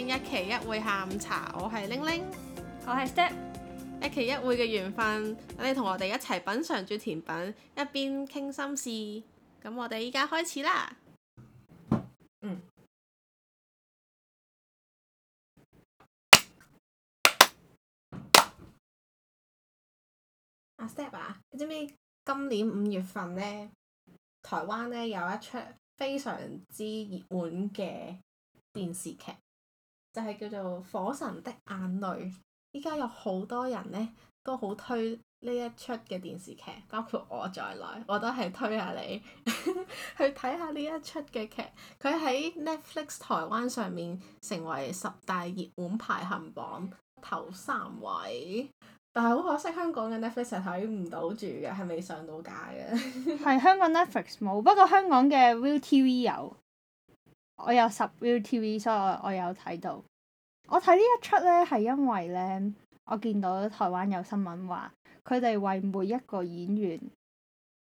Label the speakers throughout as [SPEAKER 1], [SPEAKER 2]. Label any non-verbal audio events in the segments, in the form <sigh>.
[SPEAKER 1] 一期一會下午茶，我係玲玲，我係 Step，一期一會嘅緣分，你同我哋一齊品嘗住甜品，一邊傾心事，咁我哋依家開始啦。嗯。阿 Step 啊，你、啊、知唔知今年五月份呢，台灣呢有一出非常之熱門嘅電視劇？就係叫做《火神的眼淚》，依家有好多人呢都好推呢一出嘅電視劇，包括我在內，我都係推，推、啊、你 <laughs> 下你去睇下呢一出嘅劇。佢喺 Netflix 台灣上面成為十大熱門排行榜頭三位，但係好可惜香港嘅 Netflix 係睇唔到住嘅，係未上到架嘅。
[SPEAKER 2] 係 <laughs> 香港 Netflix 冇，不過香港嘅 Viu TV 有。我有睇 ViuTV，所以我我有睇到。我睇呢一出咧，係因為咧，我見到台灣有新聞話，佢哋為每一個演員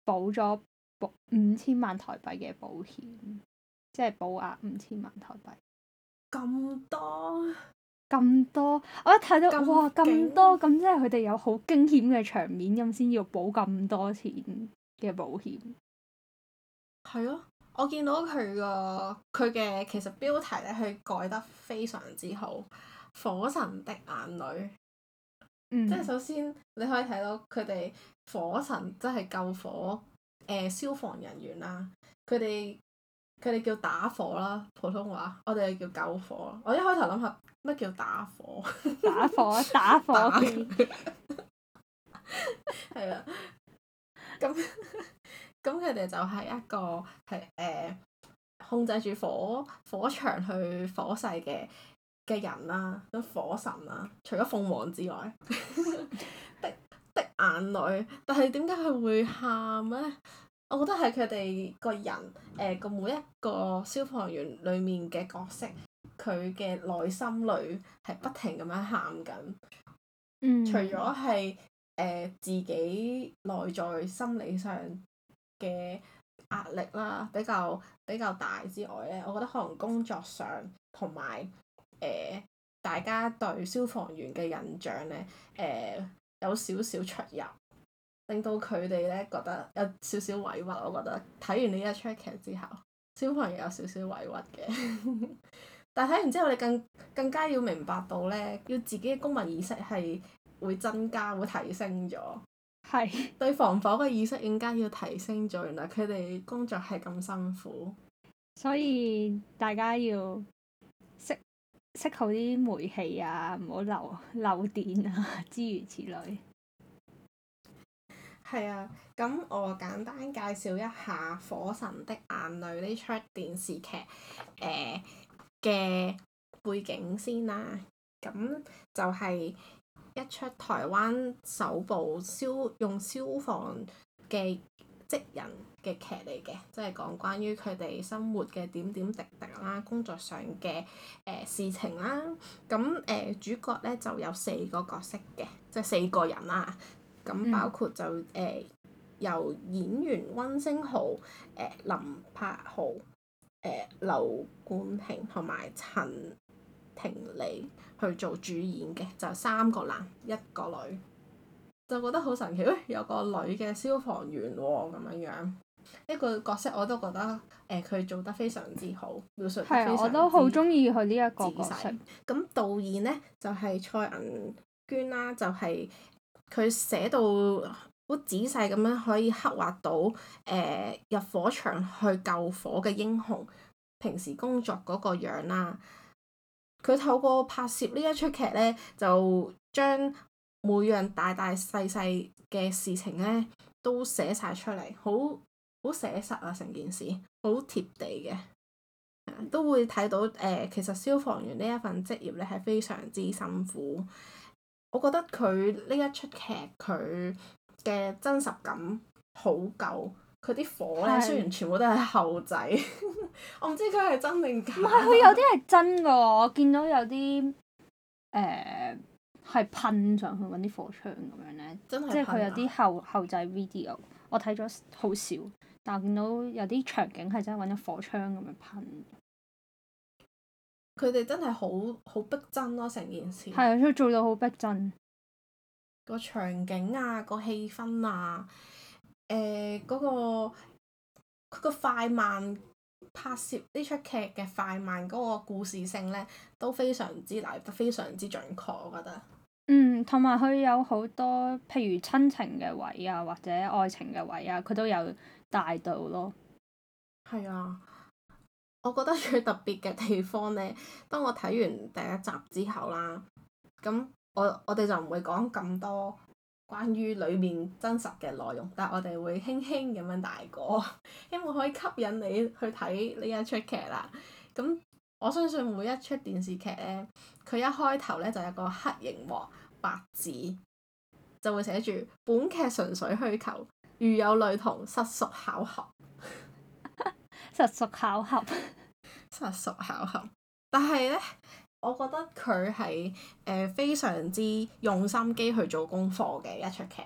[SPEAKER 2] 保咗保五千萬台幣嘅保險，即係保額五千萬台幣。
[SPEAKER 1] 咁多？
[SPEAKER 2] 咁多？我一睇到，哇！咁多，咁即係佢哋有好驚險嘅場面，咁先要保咁多錢嘅保險。
[SPEAKER 1] 係咯。我見到佢個佢嘅其實標題呢，佢改得非常之好，《火神的眼淚》。嗯。即係首先你可以睇到佢哋火神即係救火誒、欸、消防人員啦、啊，佢哋佢哋叫打火啦，普通話我哋叫救火。我一開頭諗下乜叫打火，打火？打火 <laughs> 打火係啦，咁、 <laughs> 啊。 <laughs> 咁佢哋就係一個係誒、呃、控制住火火場去火勢嘅嘅人啦、啊，火神啦、啊，除咗鳳凰之外， <laughs> <laughs> 的的眼淚，但係點解佢會喊呢？我覺得係佢哋個人誒個、呃、每一個消防員裡面嘅角色，佢嘅內心裏係不停咁樣喊緊，嗯、
[SPEAKER 2] 除咗係
[SPEAKER 1] 誒自己內在心理上嘅壓力啦，比較比較大之外呢，我覺得可能工作上同埋誒大家對消防員嘅印象呢，誒、呃、有少少出入，令到佢哋呢覺得有少少委屈。我覺得睇完呢一出劇之後，消防員有少少委屈嘅， <laughs> 但係睇完之後你更更加要明白到呢，要自己嘅公民意識係會增加，會提升咗。係，是對防火嘅意識應該要提升咗。原來佢哋工作係咁辛苦，所以大家要
[SPEAKER 2] 識識好啲煤氣啊，唔好漏漏電啊，諸如此
[SPEAKER 1] 類。係啊，咁我簡單介紹一下《火神的眼淚》呢出電視劇，誒、呃、嘅背景先啦。咁就係、是。一出台灣首部消用消防嘅職人嘅劇嚟嘅，即係講關於佢哋生活嘅點點滴滴啦，工作上嘅誒、呃、事情啦，咁誒、呃、主角咧就有四個角色嘅，即係四個人啦，咁包括就誒、嗯呃、由演員温昇豪、誒、呃、林柏豪、誒、呃、劉冠廷同埋陳庭妮。去做主演嘅就係、三個男一個女，就覺得好神奇，哎，有個女嘅消防員喎咁樣樣，呢個角色我都覺得誒佢、呃、做得非常之好，描述係我都好中意佢呢一個角色。咁導演呢，就係、係、蔡銀娟啦，就係佢寫到好仔細咁樣可以刻畫到誒、呃、入火場去救火嘅英雄，平時工作嗰個樣啦。佢透過拍攝呢一出劇呢，就將每樣大大細細嘅事情呢都寫晒出嚟，好好寫實啊！成件事好貼地嘅，啊，都會睇到誒，呃，其實消防員呢一份職業呢係非常之辛苦。我覺得佢呢一出劇佢嘅真實感好夠。佢啲火咧，是雖然全部都係後仔， <laughs> 我唔知佢係真定假？唔係，佢有啲係真㗎，
[SPEAKER 2] 我見到有啲誒係噴上去揾啲火槍咁樣咧，真啊、即係佢有啲後後仔 video。我睇咗好少，但係見到有啲場景係真係揾咗火槍咁樣噴。
[SPEAKER 1] 佢哋真係好好逼真咯、啊，成件事。
[SPEAKER 2] 係啊，佢做到好逼真。
[SPEAKER 1] 個場景啊，個氣氛啊。誒嗰，佢個快慢拍攝呢，出劇嘅快慢嗰個故事性呢都非常之嚟得非常之準確，我覺得。
[SPEAKER 2] 嗯，同埋佢有好多譬如親情嘅位啊，或者愛情嘅位啊，佢都有帶到
[SPEAKER 1] 咯。係、嗯、啊，啊，啊，我覺得最特別嘅地方呢，當我睇完第一集之後啦，咁我我哋就唔會講咁多。關於裏面真實嘅內容，但係我哋會輕輕咁樣帶過，希望可以吸引你去睇呢一出劇啦。咁我相信每一出電視劇呢，佢一開頭呢，就有個黑螢幕白字，就會寫住本劇純粹虛構，如有類同，實屬巧合。 <laughs> 實屬巧合。實屬巧合。但係呢。我覺得佢係誒非常之用心機去做功課嘅一出劇，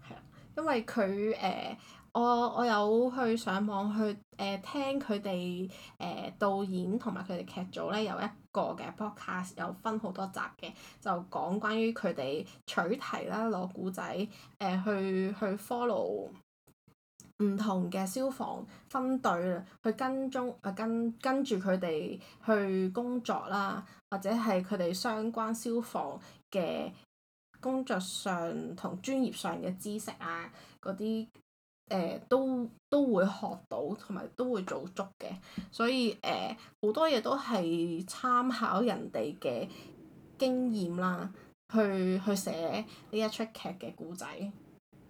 [SPEAKER 1] 係啊，因為佢誒、呃、我我有去上網去誒、呃、聽佢哋誒導演同埋佢哋劇組咧有一個嘅 podcast，有分好多集嘅，就講關於佢哋取題啦，攞故仔誒、呃、去去 follow。唔同嘅消防分隊去跟蹤啊，跟跟住佢哋去工作啦，或者係佢哋相關消防嘅工作上同專業上嘅知識啊，嗰啲誒都都會學到，同埋都會做足嘅，所以誒好多嘢都係參考人哋嘅經驗啦，去去寫呢一出劇嘅故仔。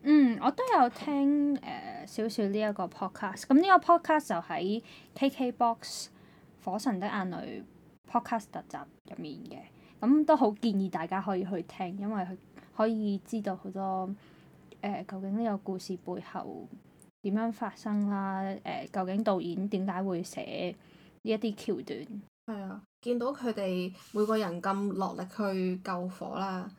[SPEAKER 1] 嗯，我都有聽誒
[SPEAKER 2] 少少呢一個 podcast。咁、嗯、呢、這個 podcast 就喺 KKbox《火神的眼淚》podcast 特集入面嘅。咁、嗯、都好建議大家可以去聽，因為佢可以知道好多誒、呃、究竟呢個故事背後點樣發生啦。誒、呃、究竟導演點解會寫呢一啲橋
[SPEAKER 1] 段？係啊，見到佢哋每個人咁落力去救火啦。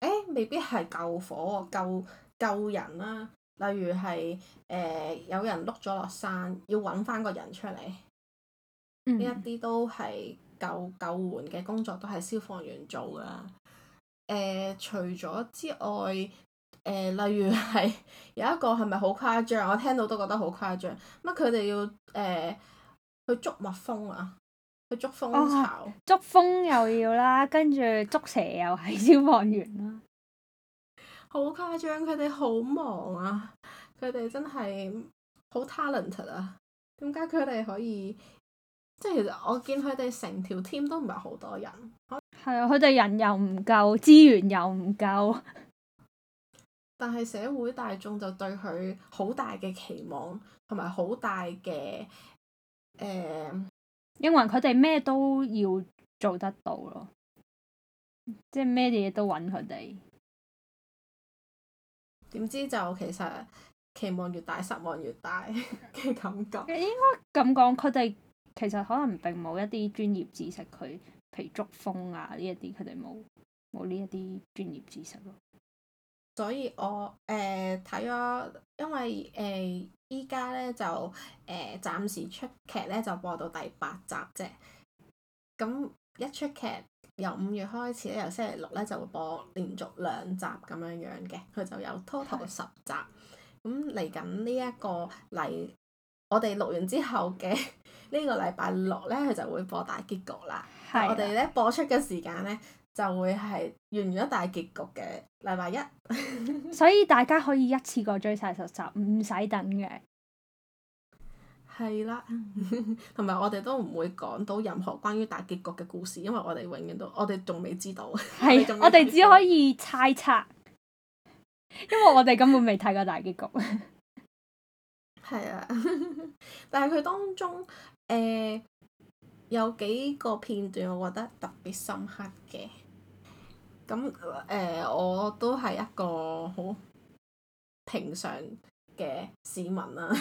[SPEAKER 1] 誒、欸、未必係救火，救～救人啦、啊，例如係誒、呃、有人碌咗落山，要揾翻個人出嚟，呢一啲都係救救援嘅工作，都係消防員做噶、啊。誒、呃，除咗之外，誒、呃，例如係有一個係咪好誇張？我聽到都覺得好誇張。乜佢哋要誒、呃、去捉蜜蜂啊？去捉蜂巢？
[SPEAKER 2] 哦、捉蜂又要啦，跟住 <laughs> 捉蛇又係消防員
[SPEAKER 1] 啦。好誇張，佢哋好忙啊！佢哋真係好 talent 啊！點解佢哋可以？即係其實我見佢哋成條 team 都唔係好多人，
[SPEAKER 2] 係啊！佢哋人又唔夠，資源又唔夠，
[SPEAKER 1] <laughs> 但係社會大眾就對佢好大嘅期望，同埋好大嘅誒，呃、因為佢
[SPEAKER 2] 哋咩都要做得到咯，
[SPEAKER 1] 即係咩嘢都揾佢哋。點知就其實期望越大失望越大嘅 <laughs> 感覺。誒 <laughs> 應該咁講，佢哋其實可能並冇一
[SPEAKER 2] 啲專業知識，佢譬如捉風啊呢一啲，佢哋冇冇呢一啲專業知識咯。
[SPEAKER 1] 所以我誒睇咗，因為誒依家咧就誒、呃、暫時出劇咧就播到第八集啫。咁一出劇由五月開始咧，由星期六咧就會播連續兩集咁樣樣嘅，佢就有 total 十集。咁嚟緊呢一個禮，我哋錄完之後嘅呢個禮拜六咧，佢就會播大結局啦。的我哋咧播出嘅時間咧就會係完咗大結
[SPEAKER 2] 局嘅禮拜一。 <laughs> 所以大家可以一次過追晒十集，唔使等
[SPEAKER 1] 嘅。係啦，同埋是 <laughs> 我哋都唔會講到任何關於大結局嘅故事，因為我哋永遠都，我哋仲未知道。係的， <laughs> 我哋只
[SPEAKER 2] 可以猜測。 <laughs> 因為我哋根本未睇過大結局。
[SPEAKER 1] 係 <laughs> 啊是的， <laughs> 但係佢當中誒、呃、有幾個片段，我覺得特別深刻嘅。咁誒、呃，我都係一個好平常。嘅市民啦、啊，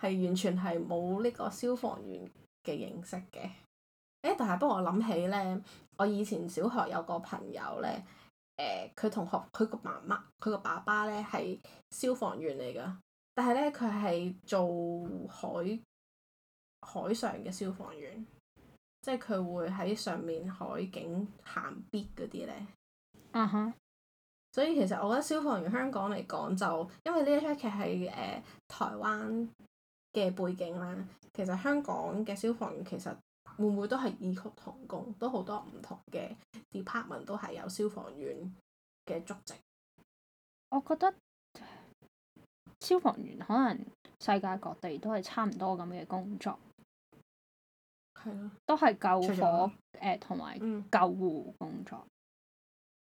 [SPEAKER 1] 係 <laughs> 完全係冇呢個消防員嘅認識嘅。誒、欸，但係不過我諗起咧，我以前小學有個朋友咧，誒、呃、佢同學佢個媽媽佢個爸爸咧係消防員嚟㗎，但係咧佢係做海海上嘅消防員，即係佢會喺上面海景行必嗰啲咧。嗯哼、uh。Huh. 所以其實我覺得消防員香港嚟講，就因為呢一劇係誒台灣嘅背景啦。其實香港嘅消防員其實會唔會都係異曲同工，都好多唔同嘅 department 都係有消防員嘅足跡。我覺得消防員可能
[SPEAKER 2] 世界各地都係差唔多咁嘅工作。係咯的。都係
[SPEAKER 1] 救火誒，同埋、呃、救護工作。嗯。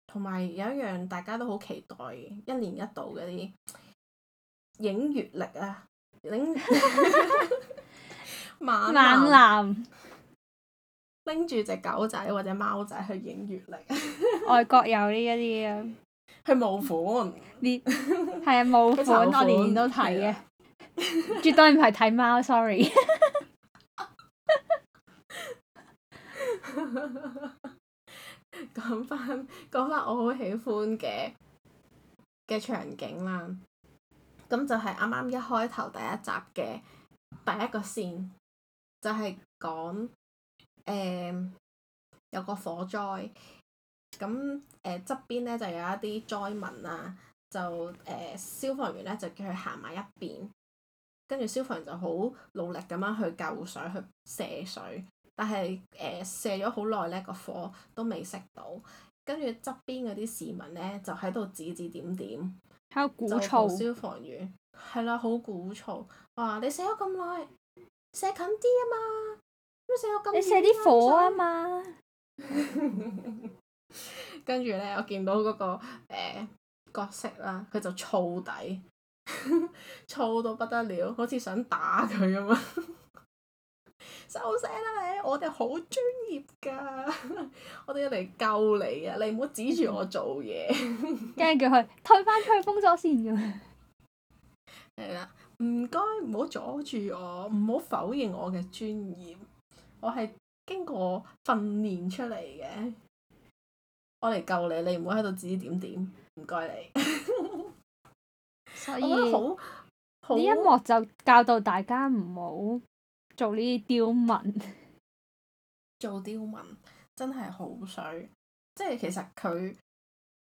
[SPEAKER 1] 同埋有一樣大家都好期待嘅，一年一度嗰啲影月曆啊，影、啊、 <laughs> 猛男拎住隻狗仔或者貓仔去影月曆， <laughs> 外國有呢一啲啊，去毛款， <laughs> 款，呢，係啊毛款，我年年都睇嘅，
[SPEAKER 2] 絕對唔係睇貓，Sorry。 <laughs> <laughs>
[SPEAKER 1] 講翻講翻我好喜歡嘅嘅場景啦，咁就係啱啱一開頭第一集嘅第一個線，就係講誒有個火災，咁誒側邊咧就有一啲災民啊，就誒、呃、消防員咧就叫佢行埋一邊，跟住消防員就好努力咁樣去救水去射水。但係誒、呃、射咗好耐咧，個火都未熄到，跟住側邊嗰啲市民咧就喺度指指點點，喺度鼓噪消防員，係啦，好鼓噪，嘩你射咗咁耐，射近啲啊嘛，射嘛你射咗咁你射啲火啊嘛，跟住咧我見到嗰、嗰個、呃、角色啦，佢就燥底，燥 <laughs> 到不得了，好似想打佢咁啊！收聲啦！你，我哋好專業噶， <laughs> 我哋要嚟救你啊！你唔好指住我做嘢。跟住佢退返出去封咗線咁。係 <laughs> 啦，唔該，唔好阻住我，唔好否認我嘅專業。我係經過訓練出嚟嘅，我嚟救你，你唔好喺度指指點點。唔該你。
[SPEAKER 2] <laughs> 所以。
[SPEAKER 1] 好。呢一幕
[SPEAKER 2] 就教導大家唔好。做呢啲刁民 <laughs> ，
[SPEAKER 1] 做刁民真係好衰。即係其實佢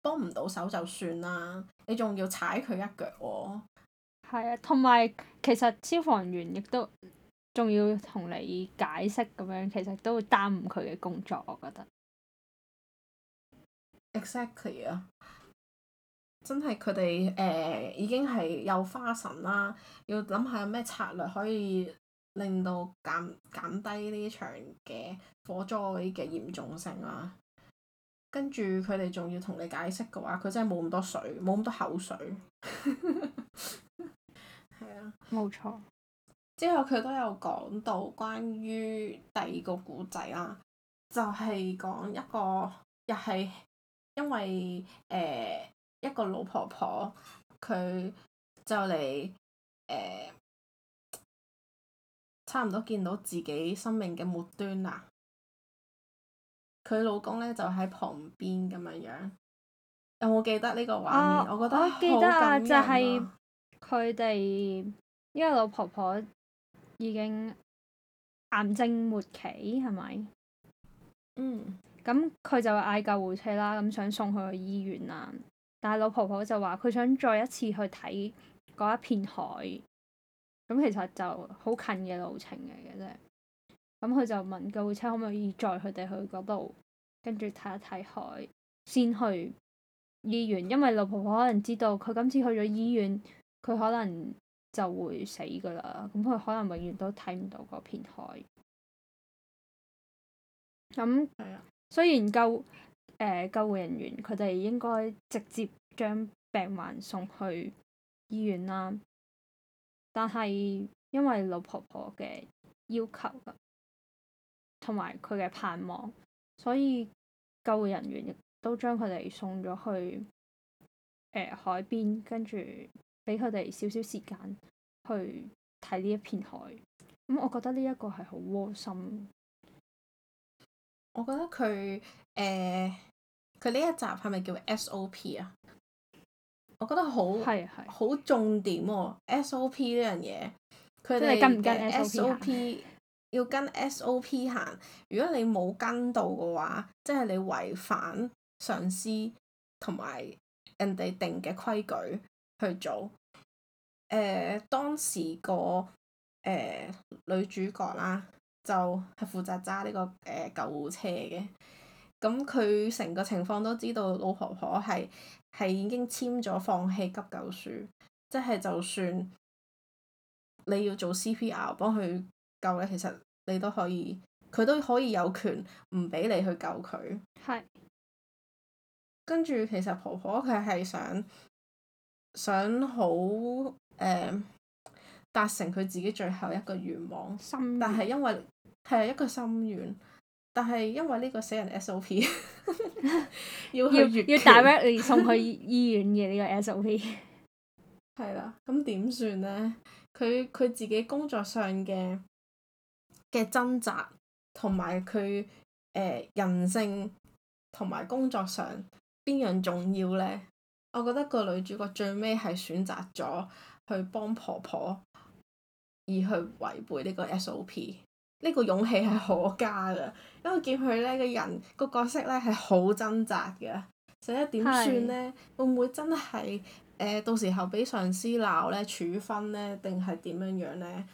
[SPEAKER 1] 幫唔到手就算啦，你仲要踩佢一腳喎、哦。係啊，同埋
[SPEAKER 2] 其實消防員亦都仲要同你解釋咁樣，其實都會
[SPEAKER 1] 耽誤佢嘅工作。我覺得。Exactly 啊，真係佢哋誒已經係有花神啦，要諗下有咩策略可以。令到減減低呢場嘅火災嘅嚴重性啦、啊，跟住佢哋仲要同你解釋嘅話，佢真係冇咁多水，冇咁多口水。係 <laughs> 啊，冇錯。之後佢都有講到關於第二個故仔啦、啊，就係、是、講一個又係因為誒、呃、一個老婆婆，佢就嚟誒。呃差唔多見到自己生命嘅末端啦，佢老公咧就喺旁邊咁樣樣，有
[SPEAKER 2] 冇記得呢個畫面？啊、我覺得好感人啊！就係佢哋因為老婆婆已經癌症末期，係咪？嗯。咁佢就嗌救護車啦，咁想送去醫院啦，但係老婆婆就話佢想再一次去睇嗰一片海。咁其實就好近嘅路程嚟嘅啫。咁佢就問救護車可唔可以載佢哋去嗰度，跟住睇一睇海先去醫院。因為老婆婆可能知道佢今次去咗醫院，佢可能就會死㗎喇。咁佢可能永遠都睇唔到嗰片海。咁，係啊的。雖然救誒、呃、救護人員佢哋應該直接將病患送去醫院啦。但係因為老婆婆嘅要求同埋佢嘅盼望，所以救護人員亦都將佢哋送咗去誒、呃、海邊，跟住俾佢哋少少時間去
[SPEAKER 1] 睇呢一片海。
[SPEAKER 2] 咁我覺得呢
[SPEAKER 1] 一個係好窩心。我覺得佢誒佢呢一集係咪叫 SOP 啊？我覺得好，係係好重點喎。SOP 呢樣嘢，佢哋跟唔跟 SOP？SOP 要跟 SOP 行。 <laughs> 如果你冇跟到嘅話，即係你違反上司同埋人哋定嘅規矩去做。誒當時個誒女主角啦，就係負責揸呢個誒救護車嘅。咁佢成個情況都知道老婆婆係。係已經簽咗放棄急救書，即係就算你要做 CPR 幫佢救咧，其實你都可以，佢都可以有權唔俾你去救佢。係是。跟住其實婆婆佢係想想好誒、呃、達成佢自己最後一個願望，心願但係因為係一個心願。但係因為呢個死人 SOP， <laughs> 要越 <laughs> 要要 direct 送去醫院嘅呢 <laughs> 個 SOP，係啦，咁點算呢？佢佢自己工作上嘅嘅掙扎，同埋佢誒人性，同埋工作上邊樣重要呢？我覺得個女主角最尾係選擇咗去幫婆婆，而去違背呢個 SOP。呢個勇氣係可嘉嘅，因為見佢呢嘅、這個、人、這個角色呢係好掙扎嘅，想點算呢？是會唔會真係誒、呃、到時候俾上司鬧呢？處分呢？定係點樣樣呢？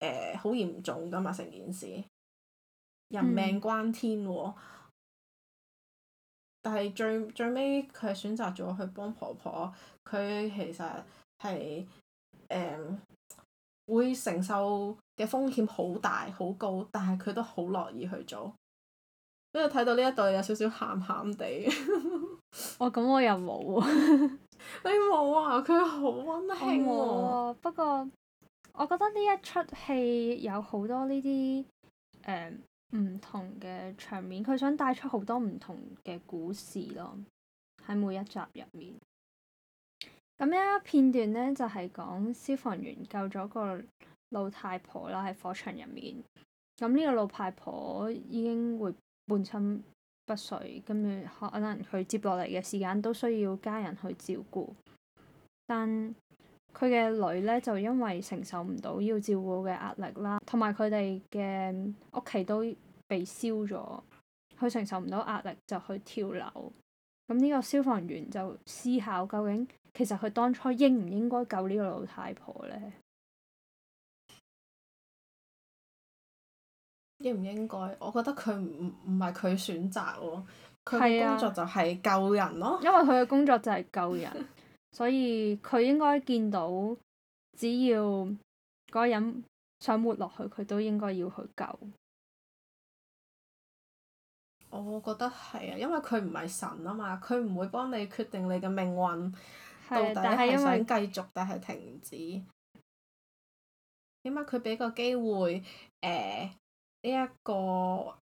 [SPEAKER 1] 誒好嚴重噶嘛成件事，人命關天喎、哦。嗯、但係最最尾佢選擇咗去幫婆婆，佢其實係誒。呃會承受嘅風險好大好高，但係佢都好樂意去做，所以睇到呢一對有少少咸咸地。哇、 <laughs> 哦，咁我又冇 <laughs> 啊！你冇啊？佢好溫馨喎。
[SPEAKER 2] 不過，我覺得呢一出戲有好多呢啲誒唔同嘅場面，佢想帶出好多唔同嘅故事咯，喺每一集入面。咁呢一片段咧，就係講消防員救咗個老太婆啦，喺火場入面。咁呢個老太婆已經會半身不遂，跟住可能佢接落嚟嘅時間都需要家人去照顧。但佢嘅女咧，就因為承受唔到要照顧嘅壓力啦，同埋佢哋嘅屋企都被燒咗，佢承受唔到壓力就去跳樓。咁呢個消防員就思考，究竟其實佢當初應唔應該救呢個老太婆咧？
[SPEAKER 1] 應唔應該？我覺得佢唔唔係佢選擇喎、哦，佢嘅工作就係救人咯。啊、因為佢嘅工作
[SPEAKER 2] 就係救人， <laughs> 所以佢應該見到只要嗰個人想活落去，佢都應該要去救。
[SPEAKER 1] 我覺得係啊，因為佢唔係神啊嘛，佢唔會幫你決定你嘅命運是到底係想繼續定係停止。起碼佢俾個機會誒呢一個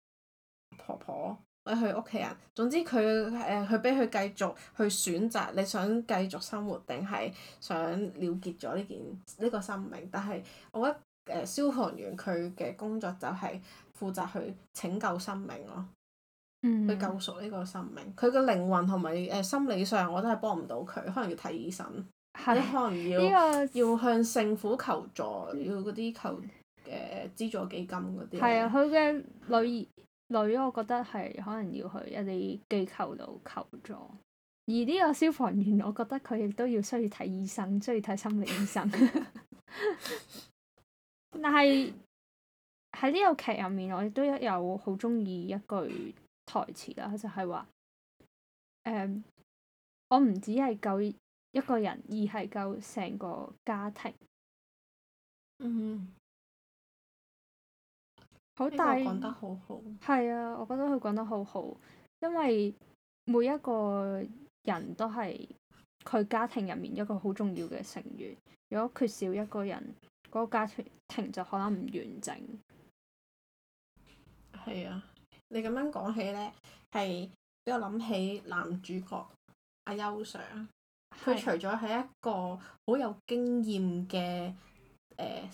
[SPEAKER 1] 婆婆或者佢屋企人，總之佢誒佢俾佢繼續去選擇，你想繼續生活定係想了結咗呢件呢個生命。但係我覺得誒消防員佢嘅工作就係負責去拯救生命咯。去、嗯、救贖呢個生命，佢個靈魂同埋誒心理上，我都係幫唔到佢，可能要睇醫生，係咯、可能要、這個、要向政府求助，要嗰啲求誒資、呃、助基金嗰啲。係啊，佢嘅女兒
[SPEAKER 2] 女，女我覺得係可能要去一啲機構度求助。而呢個消防員，我覺得佢亦都要需要睇醫生，需要睇心理醫生。 <laughs> <laughs> 但係喺呢部劇入面，我亦都有好中意一句。台詞啦，就係話誒，我唔只係救一個人，而係救成個家庭。嗯，這
[SPEAKER 1] 個、好大。講得好
[SPEAKER 2] 好。係啊，我覺得佢講得好好，因為每一個人都係佢家庭入面一個好重要嘅成員，如果缺少一個人，嗰、那
[SPEAKER 1] 個家庭就可能唔完整。係啊。你咁樣講起咧，係俾我諗起男主角阿優上，佢除咗係一個好有經驗嘅誒、呃、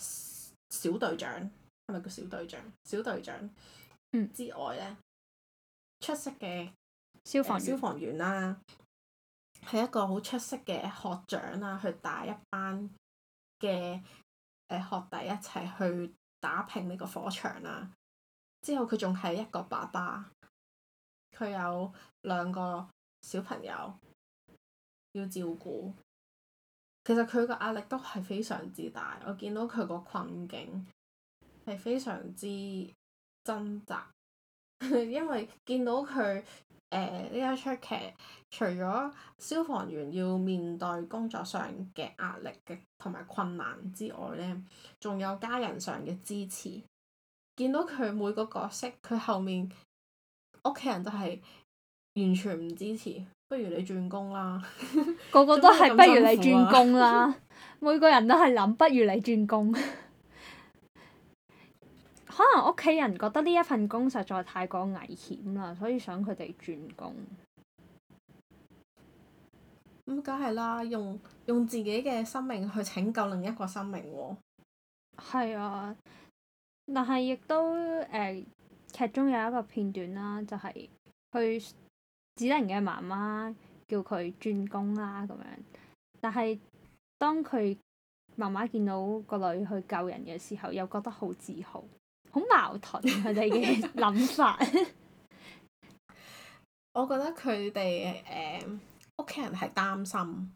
[SPEAKER 1] 小隊長，係咪叫小隊長？小隊長之外咧，嗯、出色嘅、呃、消防員啦，係、啊、一個好出色嘅學長啦、啊，去帶一班嘅誒學弟一齊去打拼呢個火場啦、啊。之後佢仲係一個爸爸，佢有兩個小朋友要照顧，其實佢個壓力都係非常之大。我見到佢個困境係非常之掙扎， <laughs> 因為見到佢誒呢一出劇，除咗消防員要面對工作上嘅壓力嘅同埋困難之外呢，仲有家人上嘅支持。見到佢每個角色，佢後面屋企人都係完全唔支持，不如你轉工啦！
[SPEAKER 2] <laughs> 個個都係 <laughs> 不如你轉工啦， <laughs> 每個人都係諗不如你轉工。 <laughs> 可能屋企人覺得呢一份工實在太過
[SPEAKER 1] 危險啦，所以想佢哋轉工。咁梗係啦，用用自己嘅生命去拯救另一個生命喎。係啊。但係亦都誒、呃、劇中有一個
[SPEAKER 2] 片段啦，就係佢子玲嘅媽媽叫佢轉工啦咁樣。但係當佢媽媽見到個女去救人嘅時候，又覺得好自豪，好矛盾佢哋嘅諗法。
[SPEAKER 1] <laughs> <laughs> 我覺得佢哋誒屋企人係擔心，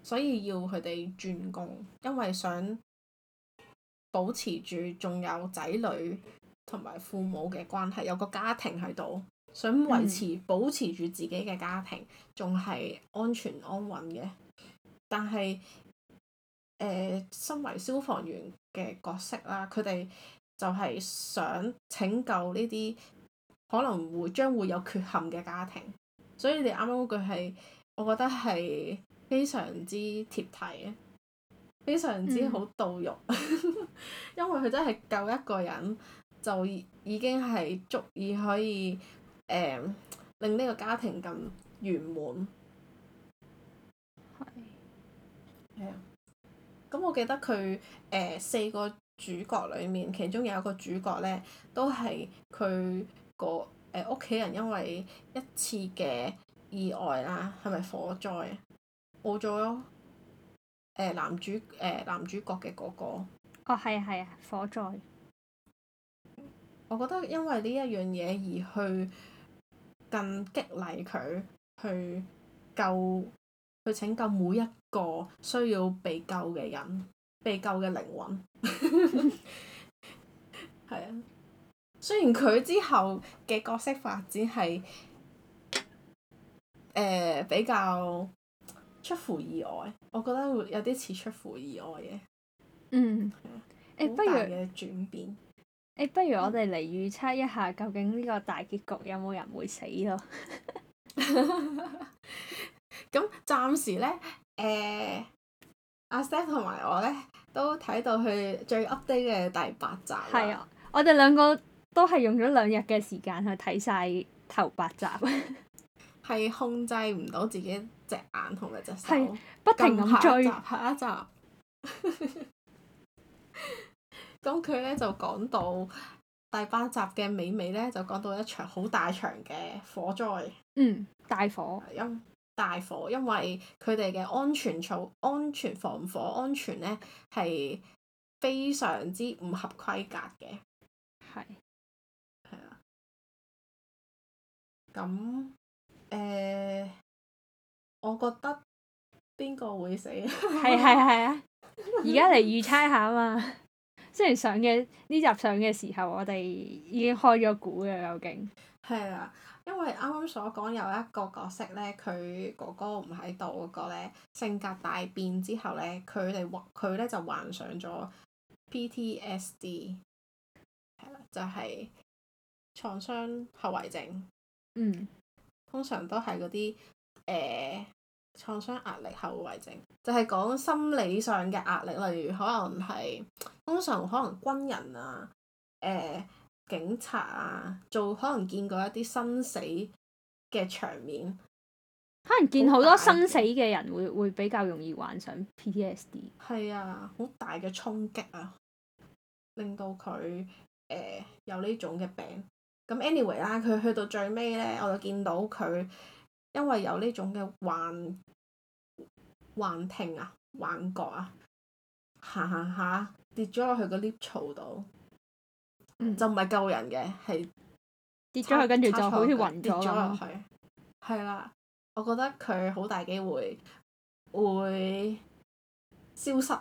[SPEAKER 1] 所以要佢哋轉工，因為想保持住仲有仔女同埋父母嘅關係，有個家庭喺度，想維持保持住自己嘅家庭仲係安全安穩嘅。但係誒、呃，身為消防員嘅角色啦，佢哋就係想拯救呢啲可能會將會有缺陷嘅家庭。所以你啱啱嗰句係，我覺得係非常之貼題嘅。非常之好道肉，嗯、 <laughs> 因為佢真係救一個人就已經係足以可以誒、呃、令呢個家庭咁圓滿。咁是、yeah. 我記得佢誒、呃、四個主角裏面，其中有一個主角咧，都係佢個誒屋企人，因為一次嘅意外啦，係咪火災啊？冇咗囉。誒男主誒、呃、男主角嘅嗰、那個，哦係啊係啊，火災。我覺得因為呢一樣嘢而去更激勵佢去救去拯救每一個需要被救嘅人，被救嘅靈魂。係 <laughs> <laughs> <laughs> 啊，雖然佢之後嘅角色發展係誒、呃、比較。出乎意外，我覺得會有啲似出乎意外
[SPEAKER 2] 嘅。嗯，誒，不如嘅轉變。不如我哋嚟預測一下，嗯、究竟
[SPEAKER 1] 呢個大結局有冇人會死咯？咁暫時咧，誒，阿 Sam 同埋我咧都睇到佢最 update 嘅第八集。係啊，我哋兩個都係用咗兩日嘅時間去睇晒頭八集。係控制唔到自己隻眼同埋隻手，不停咁拍。下一集。咁佢咧就講到第八集嘅尾尾咧，就講到一場好大場嘅火災。
[SPEAKER 2] 嗯。
[SPEAKER 1] 大火。因大火，因為佢哋嘅安全措、安全防火、安全咧係非常之唔合規格嘅。係是。
[SPEAKER 2] 係啊。咁。誒，uh, 我覺得邊個會死？係係係啊！而家嚟預測下啊嘛！雖然上嘅呢集上嘅時候，我哋已經開咗估嘅究
[SPEAKER 1] 竟。係啊，因為啱啱所講有一個角色咧，佢哥哥唔喺度嗰個咧，性格大變之後咧，佢哋幻佢咧就患上咗 PTSD，係啦，就係創傷後遺症。嗯。通常都係嗰啲，誒，創傷壓力後遺症，就係講心理上嘅壓力，例如可能係，通常可能軍人啊，誒，警察啊，做可能見過一啲生死嘅場面，
[SPEAKER 2] 可能見好多生死嘅人會，會會比較容易患上 PTSD。係啊，好大嘅衝
[SPEAKER 1] 擊啊，令到佢誒有呢種嘅病。咁 anyway 啦，佢去到最尾咧，我就見到佢因為有呢種嘅幻幻聽啊、幻覺啊，行行下跌咗落去個 lift 槽度，嗯、就唔係救人嘅，係跌咗了去差，跟住就好似暈咗，係啦，我覺得佢好大機會會消失， <laughs>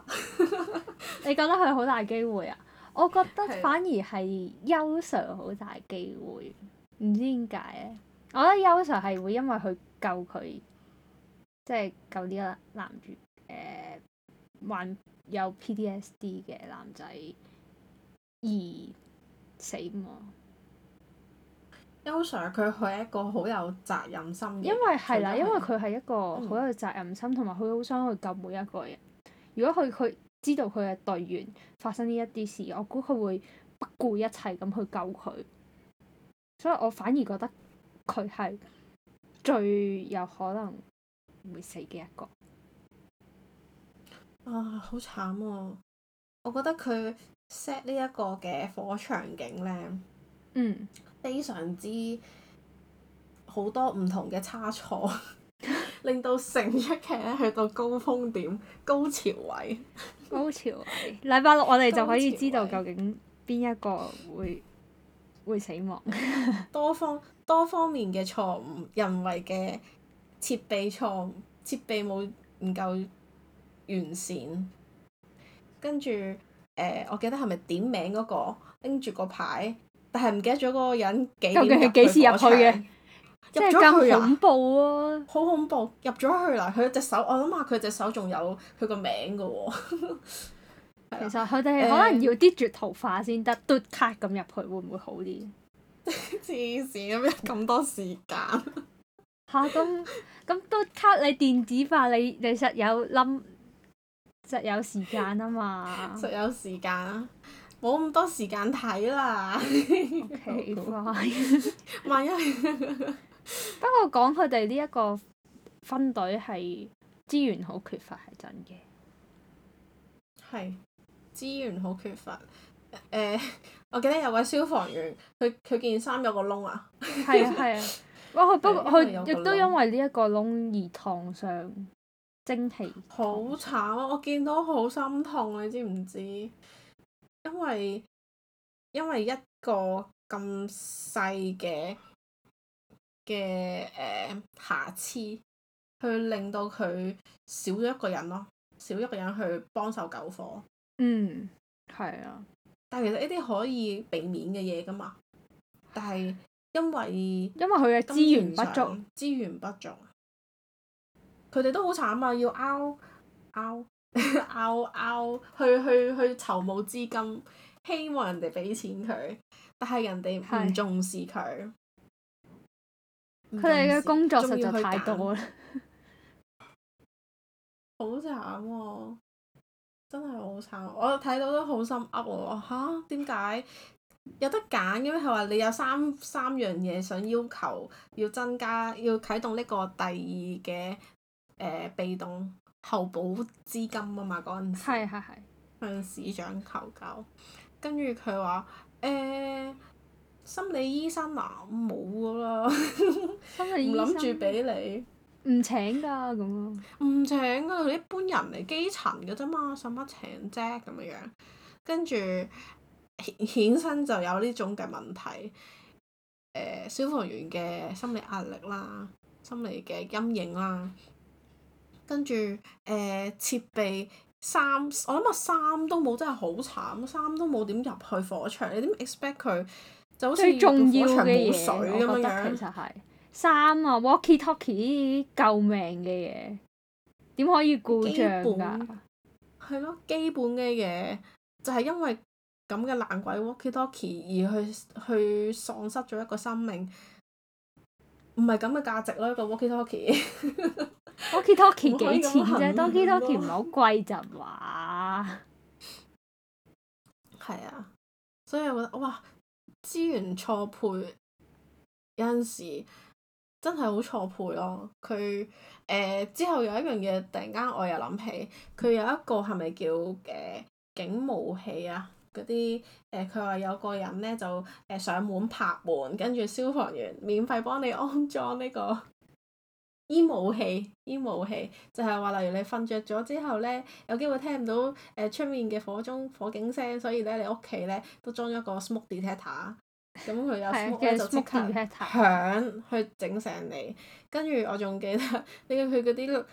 [SPEAKER 1] 你覺
[SPEAKER 2] 得佢好大機會啊？我覺得反而係優 sir 好大機會，唔知點解咧？我覺得優 sir 係會因為佢救佢，即係救呢個男主誒患有 PDSD 嘅男仔
[SPEAKER 1] 而死亡。優 sir 佢係一個好有責任心嘅，因為係啦，因為佢
[SPEAKER 2] 係一個好有責任心，同埋佢好想去救每一個人。如果佢佢知道佢嘅隊員發生呢一啲事，我估佢會不顧一切咁去救佢，所以我反而覺得佢係最有可能
[SPEAKER 1] 會死嘅一個。啊，好慘啊！我覺得佢 set 呢一個嘅火場景咧，嗯，非常之好多唔同嘅差錯， <laughs> 令到成出劇咧去到高峰點、高潮位。好、哦、潮啊！禮拜六我哋就可以知道究竟邊一個會會死亡。 <laughs> 多方多方面嘅錯誤，人為嘅設備錯誤，設備冇唔夠完善。跟住誒、呃，我記得係咪點名嗰、嗰個拎住個牌，但係唔記得咗嗰個人幾年幾時入去嘅。入咗去咗即係咁恐怖啊！啊好恐怖，入咗去啦！佢隻手，我諗下佢隻手仲有佢個名噶喎、哦。 <laughs> 啊、其實
[SPEAKER 2] 佢哋可能要啲 digital 化先得嘟、嗯、卡 c 咁入去會唔會好啲？黐線，咩咁多時間？ <laughs> 下咁咁嘟卡你電子化，你你實有諗，實有時間啊嘛。實有
[SPEAKER 1] 時間。冇咁多時間睇啦。奇怪。萬一？ <laughs> 不過講佢哋呢一個分隊係資源好缺乏係真嘅，係資源好缺乏。誒、呃，我記得有位消防員，佢佢件衫有個窿啊。
[SPEAKER 2] 係啊係啊！
[SPEAKER 1] 哇、啊， <laughs> 不過佢亦都因
[SPEAKER 2] 為呢一個窿而燙
[SPEAKER 1] 傷蒸汽上。好慘啊！我見到好心痛啊！你知唔知？因為因為一個咁細嘅。嘅誒、呃、瑕疵，去令到佢少咗一個人咯，少一個人去幫手救火。嗯，係啊。但係其實呢啲可以避免嘅嘢噶嘛，但係因為因為佢嘅資源不足，資源不足，佢哋 <music> 都好慘啊！要拗拗拗拗，拗去去去籌募資金，希望人哋俾錢佢，但係人哋唔重視佢。的 <music> 佢哋嘅工作實在太多啦，好慘喎、哦！真係好慘，我睇到都好心噏喎，吓，點解有得揀嘅咩？佢話你有三三樣嘢想要求，要增加，要啟動呢個第二嘅誒、呃、被動候補資金啊嘛！嗰陣時 <laughs> 向市長求救，跟住佢話誒。欸心理醫生嗱冇㗎啦，心理醫生，唔諗住俾你，
[SPEAKER 2] 唔請㗎咁囉！
[SPEAKER 1] 唔請㗎！佢一般人嚟，基層㗎啫嘛，使乜請啫咁樣樣？跟住衍生就有呢種嘅問題。誒、呃，消防員嘅心理壓力啦，心理嘅陰影啦，跟住誒設備衫，我諗啊衫都冇，真係好慘，衫都冇，點入去火場，你點 expect 佢？就好一一最重要嘅嘢，我覺得其實係
[SPEAKER 2] 衫啊，walkie talkie 救命嘅嘢，
[SPEAKER 1] 點可以攰？基本係咯，基本嘅嘢就係、是、因為咁嘅爛鬼 walkie talkie 而去去喪失咗一個生命，唔係咁嘅價值咯、啊。一個 walkie talkie，walkie <laughs> talkie 幾錢啫？walkie talkie 唔係好貴咋？嘛。係啊，所以我覺得哇！資源錯配，有陣時真係好錯配咯、啊。佢誒、呃、之後有一樣嘢，突然間我又諗起，佢有一個係咪叫誒、呃、警務器啊？嗰啲誒佢話有個人呢就誒、呃、上門拍門，跟住消防員免費幫你安裝呢、這個。煙霧器，煙霧器就係話，例如你瞓著咗之後咧，有機會聽唔到誒出面嘅火鐘、火警聲，所以咧你屋企咧都裝咗一個 smoke detector，咁佢有 smoke detector 響去整醒你。跟住我仲記得，你去嗰啲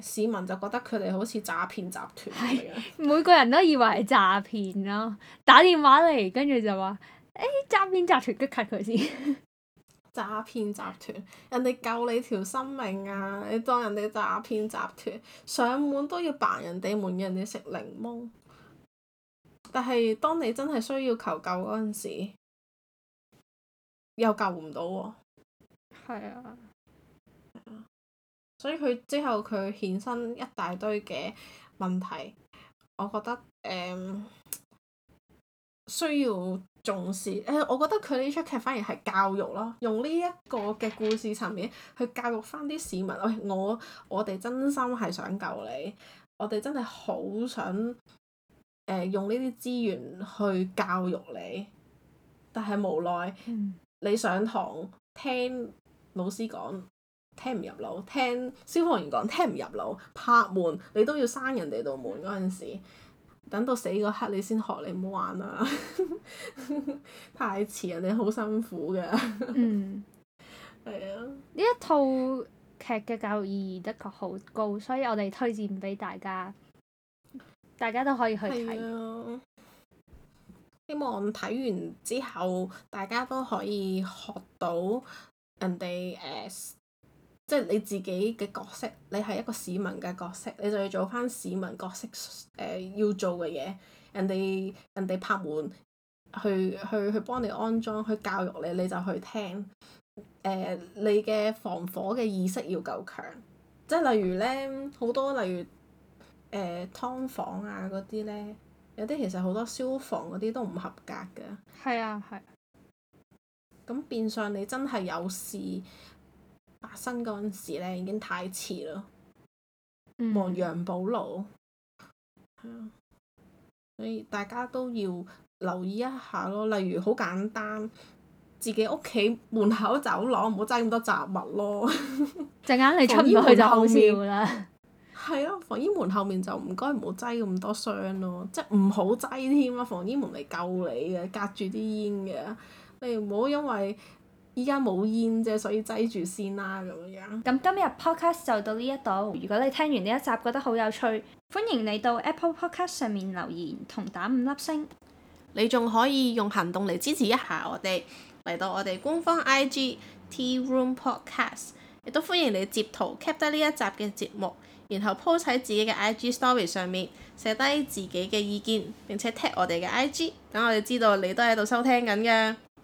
[SPEAKER 1] 誒市民就覺得佢哋好似詐騙集團嚟嘅，是樣每個人都以為係詐騙咯，打電話嚟跟住就話，誒、欸、詐騙集團嘅客佢先。詐騙集團，人哋救你條生命啊！你當人哋詐騙集團，上門都要扮人哋瞞，人哋食檸檬。但係當你真係需要求救嗰陣時，又救唔到喎。係啊。所以佢之後佢衍生一大堆嘅問題，我覺得誒。嗯需要重視誒、呃，我覺得佢呢出劇反而係教育咯，用呢一個嘅故事層面去教育翻啲市民。喂、哎，我我哋真心係想救你，我哋真係好想誒、呃、用呢啲資源去教育你，但係無奈、嗯、你上堂聽老師講聽唔入腦，聽消防員講聽唔入腦，拍門你都要閂人哋道門嗰陣時。等到死嗰刻你先學，你唔好玩啦！ <laughs> 太遲，人哋好辛苦嘅。嗯。係 <laughs> 啊，呢一套劇嘅教育意義的確好
[SPEAKER 2] 高，所以我哋推薦俾大家，大家都可以去睇。
[SPEAKER 1] 係啊。希望睇完之後，大家都可以學到人哋誒。即係你自己嘅角色，你係一個市民嘅角色，你就要做翻市民角色誒、呃、要做嘅嘢。人哋人哋拍門去去去幫你安裝，去教育你，你就去聽。誒、呃，你嘅防火嘅意識要夠強。即係例如咧，好多例如誒，呃、㓥房啊嗰啲咧，有啲其實好多消防嗰啲都唔合格㗎。係啊，係。咁變相你真係有事。發生嗰陣時咧，已經太遲咯，亡羊補牢，係啊， <laughs> 所以大家都要留意一下咯。例如好簡單，自己屋企門口走廊唔好擠咁多雜物咯。陣間你出唔去就好笑啦。係咯、 <laughs> <laughs> 啊，防煙門後面就唔該唔好擠咁多箱咯，即係唔好擠添啦。防煙門嚟救你嘅，隔住啲煙嘅，你唔好因為。依家冇煙啫，所以擠住先啦、啊、咁樣。咁今日 podcast 就到呢一度。
[SPEAKER 2] 如果你聽完呢一集覺得好有趣，歡迎你到 Apple Podcast 上面留言同打五
[SPEAKER 1] 粒星。你仲可以用行動嚟支持一下我哋，嚟到我哋官方 I G Tea Room Podcast，亦都歡迎你截圖 cap 得呢一集嘅節目，然後 po 喺自己嘅 I G Story 上面寫低自己嘅意見，並且 tag 我哋嘅 I G，等我哋知道你都喺度收聽緊嘅。